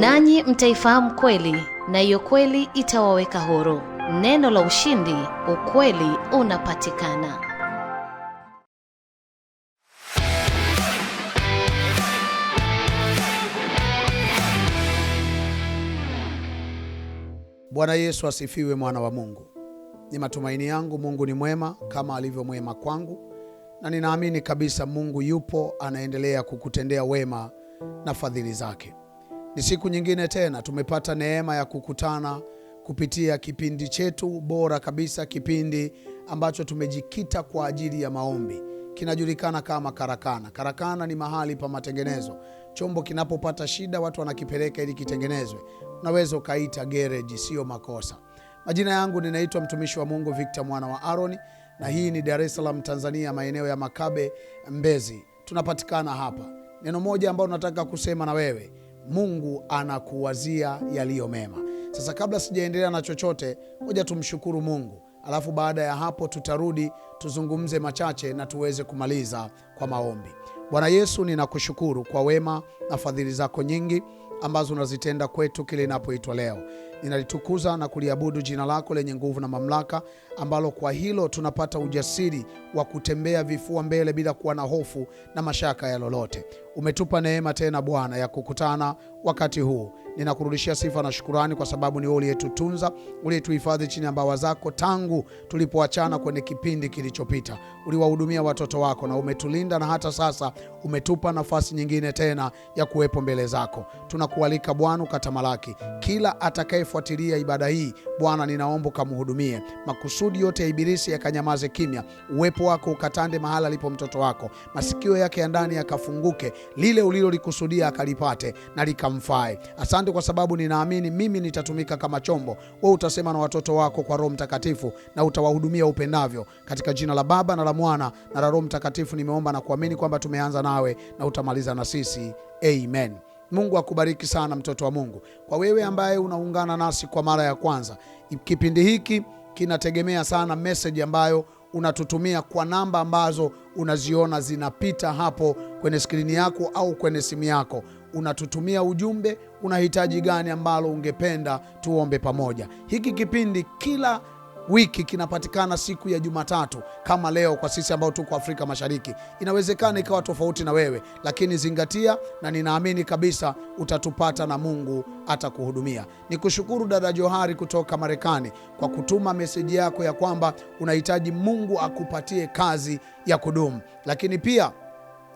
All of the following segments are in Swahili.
Nanyi mtaifahamu kweli na hiyo kweli itawaweka huru. Neno la ushindi, ukweli unapatikana. Bwana Yesu asifiwe, mwana wa Mungu. Ni matumaini yangu Mungu ni mwema kama alivyo mwema kwangu na ninaamini kabisa Mungu yupo anaendelea kukutendea wema na fadhili zake. Ni siku nyingine tena tumepata neema ya kukutana kupitia kipindi chetu bora kabisa, kipindi ambacho tumejikita kwa ajili ya maombi. Kinajulikana kama karakana. Karakana ni mahali pa matengenezo. Chombo kinapopata shida, watu wanakipeleka ili kitengenezwe. Unaweza ukaita gereji, sio makosa. Majina yangu ninaitwa mtumishi wa Mungu Victor mwana wa Aroni na hii ni Dar es Salaam Tanzania, maeneo ya Makabe, Mbezi, tunapatikana hapa. Neno moja ambalo nataka kusema na wewe, Mungu anakuwazia yaliyo mema. Sasa kabla sijaendelea na chochote, moja tumshukuru Mungu, alafu baada ya hapo tutarudi tuzungumze machache na tuweze kumaliza kwa maombi. Bwana Yesu, ninakushukuru kwa wema na fadhili zako nyingi ambazo unazitenda kwetu kile inapoitwa leo. Ninalitukuza na kuliabudu jina lako lenye nguvu na mamlaka, ambalo kwa hilo tunapata ujasiri wa kutembea vifua mbele bila kuwa na hofu na mashaka ya lolote. Umetupa neema tena Bwana ya kukutana wakati huu. Ninakurudishia sifa na shukurani kwa sababu ni wewe uliyetutunza, uliyetuhifadhi chini ya mbawa zako tangu tulipoachana kwenye kipindi kilichopita. Uliwahudumia watoto wako na umetulinda, na hata sasa umetupa nafasi nyingine tena ya kuwepo mbele zako. Tunakualika Bwana ukatamalaki kila atakayefuatilia ibada hii. Bwana, ninaomba ukamhudumie, makusudi yote ya Ibilisi yakanyamaze kimya, uwepo wako ukatande mahala alipo mtoto wako, masikio yake ya ndani yakafunguke lile ulilolikusudia akalipate na likamfae. Asante kwa sababu ninaamini mimi nitatumika kama chombo, wewe utasema na watoto wako kwa Roho Mtakatifu na utawahudumia upendavyo, katika jina la Baba na la Mwana na la Roho Mtakatifu nimeomba na kuamini kwamba tumeanza nawe na utamaliza na sisi, amen. Mungu akubariki sana mtoto wa Mungu. Kwa wewe ambaye unaungana nasi kwa mara ya kwanza, kipindi hiki kinategemea sana meseji ambayo unatutumia kwa namba ambazo unaziona zinapita hapo kwenye skrini yako au kwenye simu yako. Unatutumia ujumbe, unahitaji gani ambalo ungependa tuombe pamoja. Hiki kipindi kila wiki kinapatikana siku ya Jumatatu kama leo. Kwa sisi ambao tuko Afrika Mashariki, inawezekana ikawa tofauti na wewe, lakini zingatia, na ninaamini kabisa utatupata na Mungu atakuhudumia. Nikushukuru dada Johari kutoka Marekani kwa kutuma meseji yako ya kwamba unahitaji Mungu akupatie kazi ya kudumu, lakini pia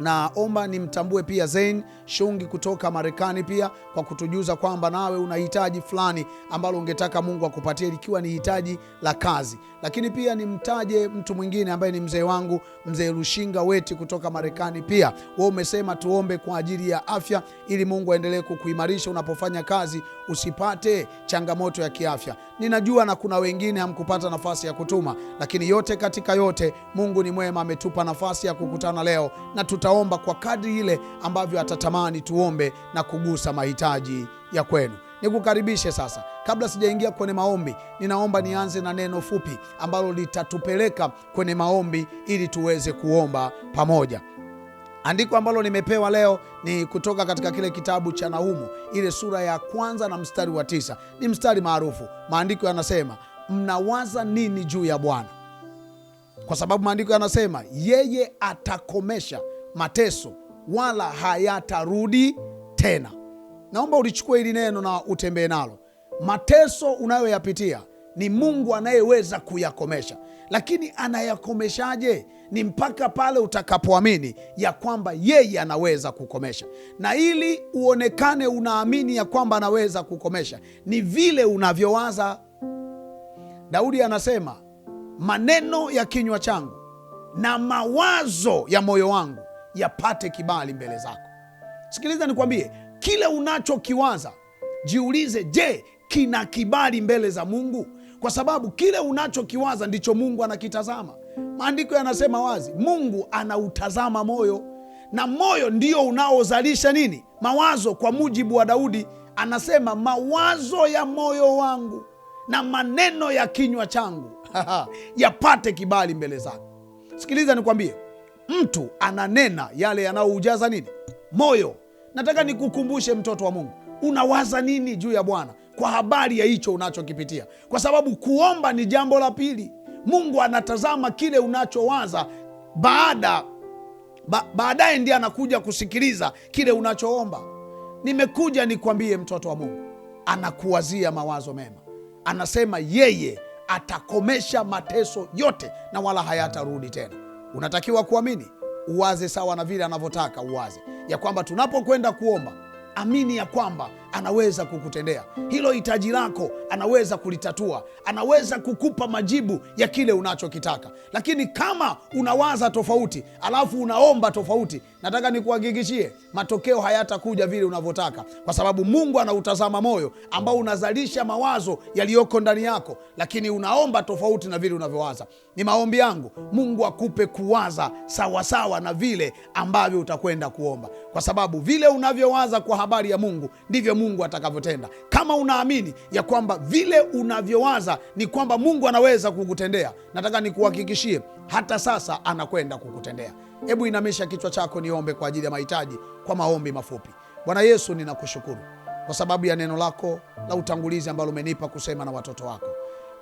naomba nimtambue pia Zain Shungi kutoka Marekani pia kwa kutujuza kwamba nawe una hitaji fulani ambalo ungetaka Mungu akupatie likiwa ni hitaji la kazi. Lakini pia nimtaje mtu mwingine ambaye ni mzee wangu mzee Lushinga Weti kutoka Marekani pia. Wewe umesema tuombe kwa ajili ya afya ili Mungu aendelee kukuimarisha unapofanya kazi usipate changamoto ya kiafya. Ninajua na kuna wengine hamkupata nafasi ya kutuma, lakini yote katika yote Mungu ni mwema ametupa nafasi ya kukutana leo na tuta tutaomba kwa kadri ile ambavyo atatamani tuombe na kugusa mahitaji ya kwenu. Nikukaribishe sasa. Kabla sijaingia kwenye maombi, ninaomba nianze na neno fupi ambalo litatupeleka kwenye maombi ili tuweze kuomba pamoja. Andiko ambalo nimepewa leo ni kutoka katika kile kitabu cha Nahumu, ile sura ya kwanza na mstari wa tisa. Ni mstari maarufu. Maandiko yanasema, mnawaza nini juu ya Bwana? Kwa sababu maandiko yanasema yeye atakomesha mateso, wala hayatarudi tena. Naomba ulichukue hili neno na utembee nalo. Mateso unayoyapitia ni Mungu anayeweza kuyakomesha, lakini anayakomeshaje? Ni mpaka pale utakapoamini ya kwamba yeye anaweza kukomesha. Na ili uonekane unaamini ya kwamba anaweza kukomesha, ni vile unavyowaza. Daudi anasema, maneno ya kinywa changu na mawazo ya moyo wangu yapate kibali mbele zako. Sikiliza nikwambie, kile unachokiwaza jiulize, je, kina kibali mbele za Mungu? Kwa sababu kile unachokiwaza ndicho Mungu anakitazama. Maandiko yanasema wazi, Mungu anautazama moyo, na moyo ndio unaozalisha nini? Mawazo. Kwa mujibu wa Daudi anasema, mawazo ya moyo wangu na maneno ya kinywa changu yapate kibali mbele zako. Sikiliza nikwambie mtu ananena yale yanayoujaza nini moyo. Nataka nikukumbushe mtoto wa Mungu, unawaza nini juu ya Bwana kwa habari ya hicho unachokipitia, kwa sababu kuomba ni jambo la pili. Mungu anatazama kile unachowaza baada ba, baadaye ndiye anakuja kusikiliza kile unachoomba. Nimekuja nikwambie mtoto wa Mungu, anakuwazia mawazo mema. Anasema yeye atakomesha mateso yote na wala hayatarudi tena unatakiwa kuamini, uwaze sawa na vile anavyotaka uwaze, ya kwamba tunapokwenda kuomba, amini ya kwamba anaweza kukutendea hilo hitaji lako, anaweza kulitatua, anaweza kukupa majibu ya kile unachokitaka. Lakini kama unawaza tofauti alafu unaomba tofauti, nataka nikuhakikishie matokeo hayatakuja vile unavyotaka, kwa sababu Mungu anautazama moyo ambao unazalisha mawazo yaliyoko ndani yako, lakini unaomba tofauti na vile unavyowaza. Ni maombi yangu Mungu akupe kuwaza sawasawa sawa na vile ambavyo utakwenda kuomba, kwa sababu vile unavyowaza kwa habari ya Mungu ndivyo Mungu Mungu atakavyotenda, kama unaamini ya kwamba vile unavyowaza ni kwamba Mungu anaweza kukutendea, nataka nikuhakikishie hata sasa anakwenda kukutendea. Hebu inamisha kichwa chako, niombe kwa ajili ya mahitaji kwa maombi mafupi. Bwana Yesu, ninakushukuru kwa sababu ya neno lako la utangulizi ambalo umenipa kusema na watoto wako,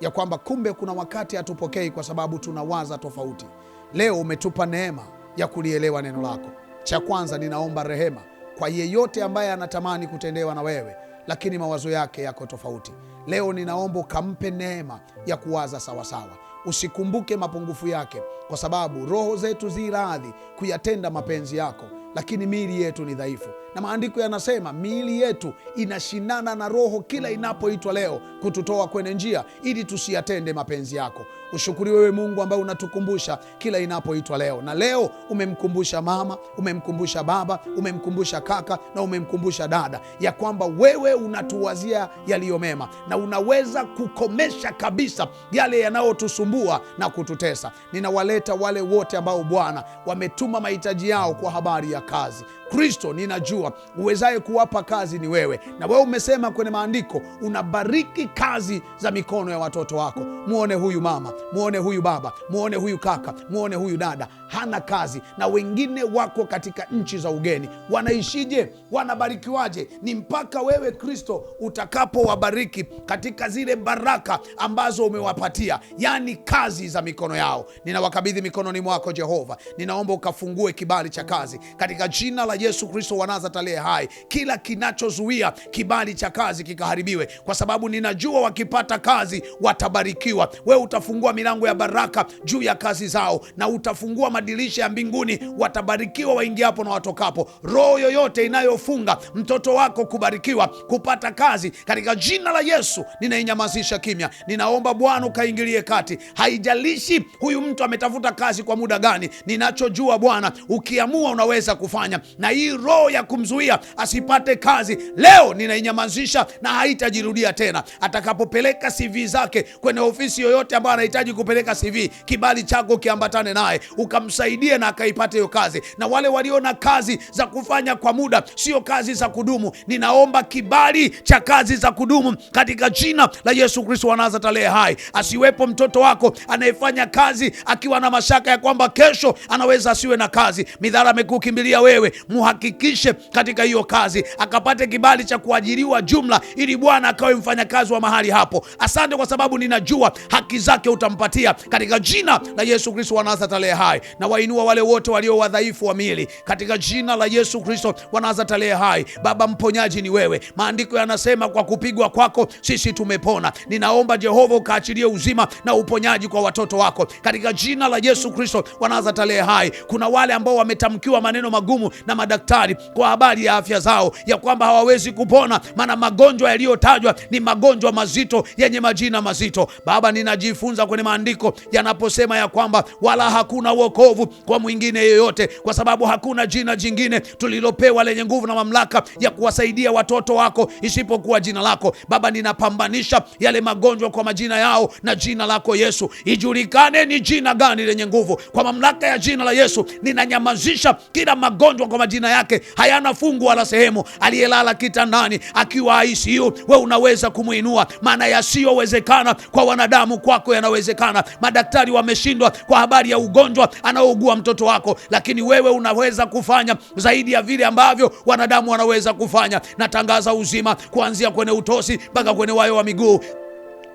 ya kwamba kumbe kuna wakati hatupokei kwa sababu tunawaza tofauti. Leo umetupa neema ya kulielewa neno lako. Cha kwanza, ninaomba rehema kwa yeyote ambaye anatamani kutendewa na wewe, lakini mawazo yake yako tofauti. Leo ninaomba ukampe neema ya kuwaza sawasawa. Usikumbuke mapungufu yake, kwa sababu roho zetu zi radhi kuyatenda mapenzi yako, lakini miili yetu ni dhaifu na maandiko yanasema miili yetu inashindana na roho kila inapoitwa leo kututoa kwenye njia ili tusiyatende mapenzi yako. ushukuri wewe Mungu ambaye unatukumbusha kila inapoitwa leo, na leo umemkumbusha mama, umemkumbusha baba, umemkumbusha kaka na umemkumbusha dada ya kwamba wewe unatuwazia yaliyo mema na unaweza kukomesha kabisa yale yanayotusumbua na kututesa. Ninawaleta wale wote ambao Bwana wametuma mahitaji yao kwa habari ya kazi Kristo, ninajua uwezaye kuwapa kazi ni wewe, na wewe umesema kwenye maandiko unabariki kazi za mikono ya watoto wako. Mwone huyu mama, mwone huyu baba, mwone huyu kaka, mwone huyu dada, hana kazi, na wengine wako katika nchi za ugeni. Wanaishije? Wanabarikiwaje? Ni mpaka wewe Kristo utakapowabariki katika zile baraka ambazo umewapatia, yani kazi za mikono yao. Ninawakabidhi mikononi mwako Jehova, ninaomba ukafungue kibali cha kazi katika jina la Yesu Kristo wa Nazareti aliye hai. Kila kinachozuia kibali cha kazi kikaharibiwe, kwa sababu ninajua wakipata kazi watabarikiwa. Wewe utafungua milango ya baraka juu ya kazi zao, na utafungua madirisha ya mbinguni. Watabarikiwa waingiapo na watokapo. Roho yoyote inayofunga mtoto wako kubarikiwa, kupata kazi, katika jina la Yesu ninainyamazisha kimya. Ninaomba Bwana ukaingilie kati, haijalishi huyu mtu ametafuta kazi kwa muda gani. Ninachojua Bwana, ukiamua unaweza kufanya na na hii roho ya kumzuia asipate kazi leo ninainyamazisha na haitajirudia tena. Atakapopeleka CV zake kwenye ofisi yoyote ambayo anahitaji kupeleka CV, kibali chako kiambatane naye ukamsaidie na akaipate hiyo kazi. Na wale waliona kazi za kufanya kwa muda sio kazi za kudumu, ninaomba kibali cha kazi za kudumu katika jina la Yesu Kristo wa Nazareti aliye hai. Asiwepo mtoto wako anayefanya kazi akiwa na mashaka ya kwamba kesho anaweza asiwe na kazi. Midhara amekukimbilia wewe muhakikishe katika hiyo kazi, akapate kibali cha kuajiriwa jumla, ili Bwana akawe mfanyakazi wa mahali hapo. Asante kwa sababu ninajua haki zake utampatia katika jina la Yesu Kristo wa Nazareti aliye hai. Na wainua wale wote walio wadhaifu wa miili katika jina la Yesu Kristo wa Nazareti aliye hai. Baba mponyaji ni wewe. Maandiko yanasema kwa kupigwa kwako sisi tumepona. Ninaomba Jehova ukaachilie uzima na uponyaji kwa watoto wako katika jina la Yesu Kristo wa Nazareti aliye hai. Kuna wale ambao wametamkiwa maneno magumu na madaktari kwa habari ya afya zao, ya kwamba hawawezi kupona, maana magonjwa yaliyotajwa ni magonjwa mazito yenye majina mazito. Baba, ninajifunza kwenye maandiko yanaposema ya kwamba wala hakuna wokovu kwa mwingine yeyote, kwa sababu hakuna jina jingine tulilopewa lenye nguvu na mamlaka ya kuwasaidia watoto wako isipokuwa jina lako. Baba, ninapambanisha yale magonjwa kwa majina yao na jina lako Yesu. Ijulikane ni jina gani lenye nguvu. Kwa mamlaka ya jina la Yesu ninanyamazisha kila magonjwa kwa majina majina yake hayana fungu wala sehemu, aliyelala kitandani akiwa ICU, we unaweza kumwinua. Maana yasiyowezekana kwa wanadamu kwako yanawezekana. Madaktari wameshindwa kwa habari ya ugonjwa anaougua mtoto wako, lakini wewe unaweza kufanya zaidi ya vile ambavyo wanadamu wanaweza kufanya. Natangaza uzima kuanzia kwenye utosi mpaka kwenye wayo wa miguu.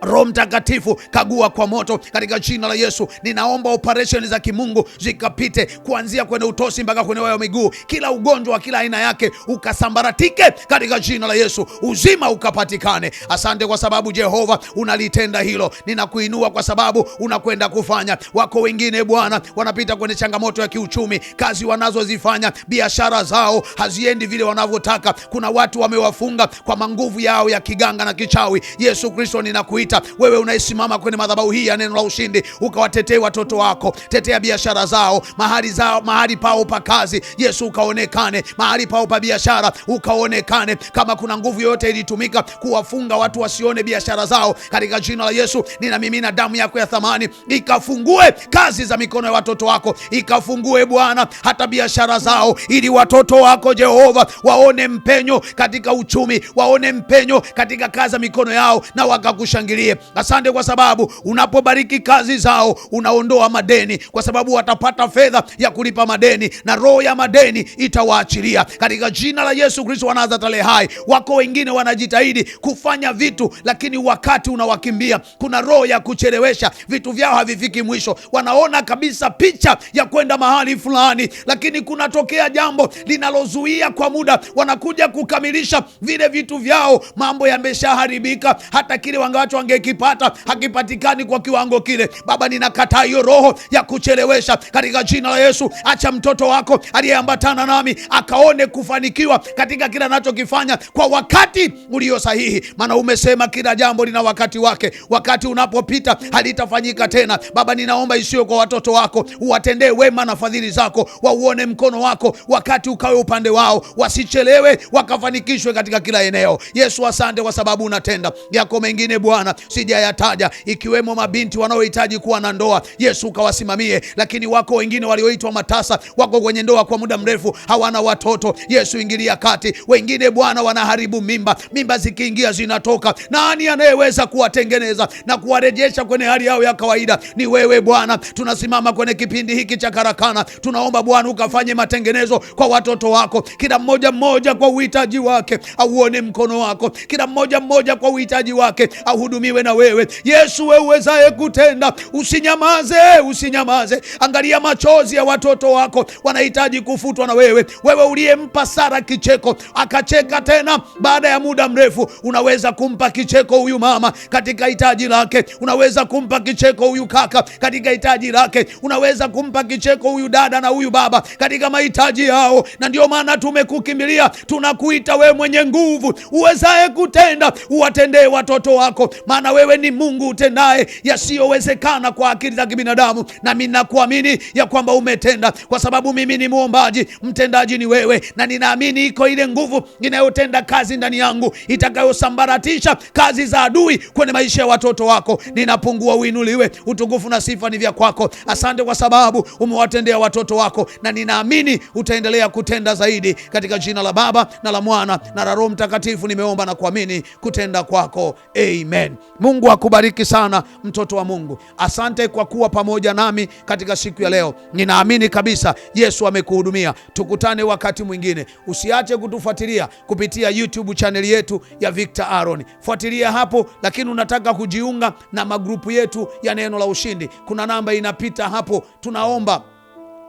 Roho Mtakatifu, kagua kwa moto katika jina la Yesu. Ninaomba operesheni za kimungu zikapite kuanzia kwenye utosi mpaka kwenye wayo miguu, kila ugonjwa wa kila aina yake ukasambaratike katika jina la Yesu, uzima ukapatikane. Asante kwa sababu Jehova unalitenda hilo. Ninakuinua kwa sababu unakwenda kufanya. Wako wengine Bwana wanapita kwenye changamoto ya kiuchumi, kazi wanazozifanya, biashara zao haziendi vile wanavyotaka. Kuna watu wamewafunga kwa manguvu yao ya kiganga na kichawi. Yesu Kristo, ninakuita vita. Wewe unayesimama kwenye madhabahu hii ya neno la ushindi, ukawatetee watoto wako, tetea biashara zao, mahali zao, mahali pao pa kazi, Yesu ukaonekane, mahali pao pa biashara ukaonekane. Kama kuna nguvu yoyote ilitumika kuwafunga watu wasione biashara zao, katika jina la Yesu ninamimina damu yako ya thamani, ikafungue kazi za mikono ya watoto wako, ikafungue Bwana hata biashara zao, ili watoto wako Jehova waone mpenyo katika uchumi, waone mpenyo katika kazi za mikono yao na wakakushangilia wasaidie. Asante kwa sababu unapobariki kazi zao unaondoa madeni, kwa sababu watapata fedha ya kulipa madeni na roho ya madeni itawaachilia katika jina la Yesu Kristo wa Nazareti hai. Wako wengine wanajitahidi kufanya vitu, lakini wakati unawakimbia. Kuna roho ya kuchelewesha, vitu vyao havifiki mwisho. Wanaona kabisa picha ya kwenda mahali fulani, lakini kunatokea jambo linalozuia kwa muda, wanakuja kukamilisha vile vitu vyao, mambo yameshaharibika, hata kile wangawacho wangekipata hakipatikani kwa kiwango kile. Baba, ninakataa hiyo roho ya kuchelewesha katika jina la Yesu. Acha mtoto wako aliyeambatana nami akaone kufanikiwa katika kila anachokifanya kwa wakati ulio sahihi, maana umesema kila jambo lina wakati wake. Wakati unapopita halitafanyika tena. Baba, ninaomba isiyo kwa watoto wako, uwatendee wema na fadhili zako, wauone mkono wako, wakati ukawe upande wao, wasichelewe, wakafanikishwe katika kila eneo. Yesu, asante kwa sababu unatenda yako mengine Bwana, sijayataja, ikiwemo mabinti wanaohitaji kuwa na ndoa. Yesu ukawasimamie. Lakini wako wengine walioitwa matasa, wako kwenye ndoa kwa muda mrefu, hawana watoto. Yesu ingilia kati. Wengine Bwana wanaharibu mimba, mimba zikiingia zinatoka. Nani anayeweza kuwatengeneza na kuwarejesha kwenye hali yao ya kawaida? Ni wewe Bwana. Tunasimama kwenye kipindi hiki cha karakana, tunaomba Bwana ukafanye matengenezo kwa watoto wako, kila mmoja mmoja kwa uhitaji wake, auone mkono wako, kila mmoja mmoja kwa uhitaji wake, ahudumie iwe na wewe. Yesu wewe uwezaye kutenda, usinyamaze, usinyamaze. Angalia machozi ya watoto wako, wanahitaji kufutwa na wewe. Wewe uliyempa Sara kicheko akacheka tena baada ya muda mrefu, unaweza kumpa kicheko huyu mama katika hitaji lake, unaweza kumpa kicheko huyu kaka katika hitaji lake, unaweza kumpa kicheko huyu dada na huyu baba katika mahitaji yao. Na ndio maana tumekukimbilia, tunakuita wewe mwenye nguvu, uwezaye kutenda, uwatendee watoto wako maana wewe ni Mungu utendaye yasiyowezekana kwa akili za kibinadamu, nami nakuamini ya kwamba umetenda, kwa sababu mimi ni mwombaji mtendaji ni wewe, na ninaamini iko ile nguvu inayotenda kazi ndani yangu itakayosambaratisha kazi za adui kwenye maisha ya watoto wako. Ninapungua, uinuliwe. Utukufu na sifa ni vya kwako. Asante kwa sababu umewatendea watoto wako, na ninaamini utaendelea kutenda zaidi, katika jina la Baba na la Mwana na la Roho Mtakatifu nimeomba na kuamini kutenda kwako, amen. Mungu akubariki sana mtoto wa Mungu. Asante kwa kuwa pamoja nami katika siku ya leo. Ninaamini kabisa Yesu amekuhudumia. Tukutane wakati mwingine. Usiache kutufuatilia kupitia YouTube chaneli yetu ya Victor Aaron. Fuatilia hapo, lakini unataka kujiunga na magrupu yetu ya Neno la Ushindi. Kuna namba inapita hapo. Tunaomba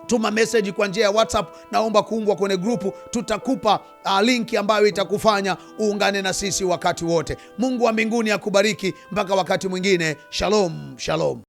tuma meseji kwa njia ya WhatsApp, naomba kuungwa kwenye grupu. Tutakupa uh, linki ambayo itakufanya uungane na sisi wakati wote. Mungu wa mbinguni akubariki mpaka wakati mwingine. Shalom, shalom.